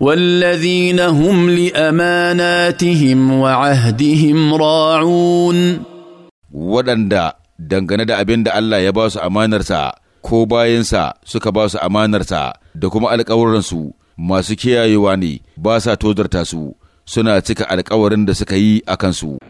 والذين هم لأماناتهم وعهدهم راعون waɗanda dangane da abin da Allah ya ba su amanarsa ko bayansa suka ba su amanarsa da kuma alkawuransu masu kiyayewa ne ba sa tozarta su suna cika alkawarin da suka yi a kansu.